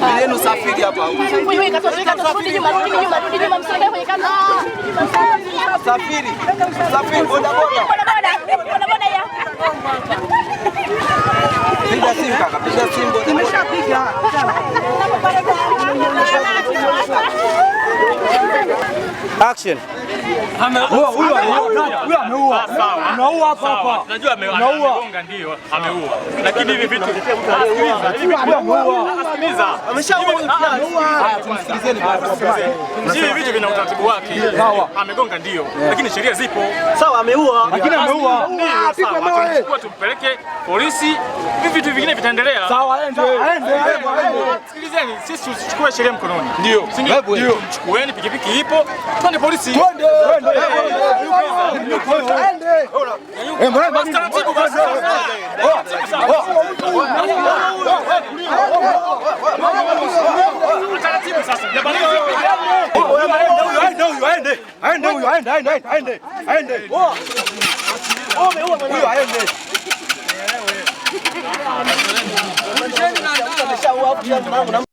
Subirini usafiri hapa. Safiri. Safiri boda boda. Action. Ameua. Huyo ameua. Huyo ah, Ameua hapa hapa. Unajua amegonga ndio ameua. Lakini hivi vitu ah, hivi vitu ameua. Ah, Ameshaua. Hivi vitu vina utaratibu wake. Sawa. Amegonga ndio. Lakini sheria zipo. Sawa ameua. Lakini ameua. Sawa tumpeleke polisi. Hivi vitu vingine vitaendelea. Sawa aende. Aende. Sikilizeni, sisi tusichukue sheria mkononi. Ndio. Ndio. Mchukueni pikipiki ipo. Twende polisi. Twende. Twende. Eh,